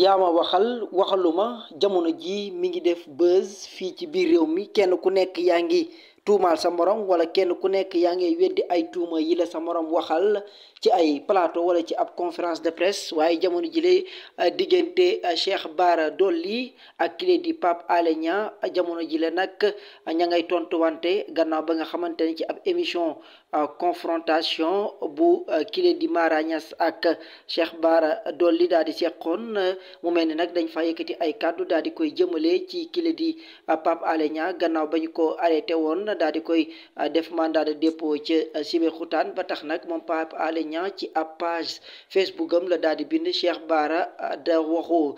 yaa ma waxal waxaluma jamono ji mi ngi def buzz fii ci biir réew mi kenn ku nekk yaa ngi tuumaal sa morom wala kenn ku nekk yaa ngi weddi ay tuuma yi la sa morom waxal ci ay plateau wala ci ab conférence de presse waaye jamono jile ah, diggante ah, Cheikh Bara Dolly ak kile di Pape Alé Niang ah, jamono jile nag ña ngay tontuwante gannaaw ba nga xamante ne ci ab émission confrontation bu kile di Mara ak Cheikh Bara Dolly daal di seqoon mu mel ni nag dañ fa yëkkati ay kàddu daal di koy jëmale ci kile di Pape Alé Niang gannaaw ba ñu ko arrêté woon na daal di koy euh, def mandat de dépôt ca euh, Sébikotane ba tax nag moom Pape Alé Niang ci ab page Facebook am la daal di bind Cheikh Bara euh, da waxu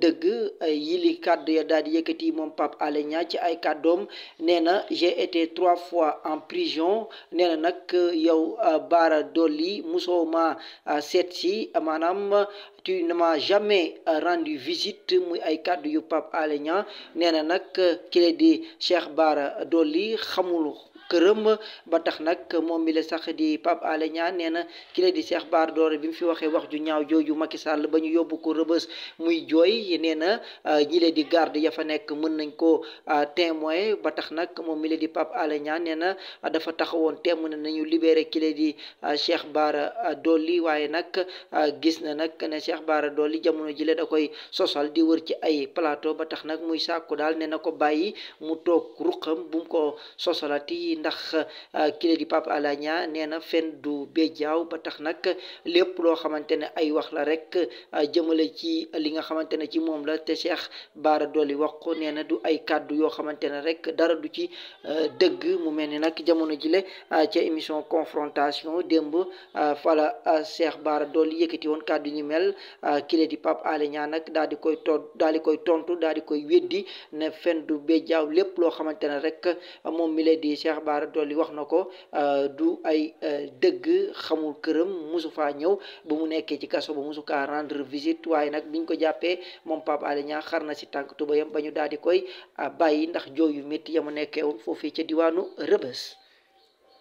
dëgg yili kàddu ya daal di yëkkati moom Pape Alé Niang ci ay kàddoom nee na j'ai été trois fois en prison nee na nag yow Bara Dolly musoo ma seet si tu ne m'as jamais euh, rendu visite muy ay kàddu yu Pape Alé Niang nee na nag euh, kile di Cheikh Bara Dolly xamul këram ba tax nag moom mi la sax di Pape Alé Niang nee na ki la di Cheikh Bara Dolly bi mu fi waxee wax ju ñaaw jooju Macky Sall ba ñu yóbbu ko rëbës muy jooy nee na ah, ñi la di garde ya fa nekk mën nañ ko ah, témoin ba tax nag moom mile di Pape Alé Niang nee na ah, dafa taxawoon témoin nañu libéré kile la di Cheikh Bara Dolly waaye nag gis na nag ne Cheikh Bara Dolly jamono jile da koy sosal di wër ci ay palato ba tax nag muy saaku daal nee na ko bàyyi mu toog ruqam bu mu ko ndax euh, kile di Pape Alé Niang nee na fen du béjaaw ba tax nag lépp loo xamante ne ay wax la rek euh, jëmale ci li nga xamante ne ci moom la te Cheikh dool yi wax ko nee na du ay kàddu yoo xamante ne rek dara du ci euh, dëgg mu mel ni nag jamono jile ca émission confrontation démb fala Cheikh Bara Dolly yëkkati woon kàddu ñu mel kile di Pape nag daal di koy tont daal di koy tontu daal di koy weddi ne fen du béjaaw lépp loo xamante ne rek moom mi di Cheikh dool yi wax na ko euh, du ay euh, dëgg xamul këram mosu faa ñëw ba mu nekkee ci kaso ba mosu kaa rendre visite waaye nag biñ ko jàppee moom Pape Alé xar na si tànk tubayam ba ñu daal di koy euh, bàyyi ndax jooyu métti ya mu nekkee woon foofii ca diwaanu Rëbës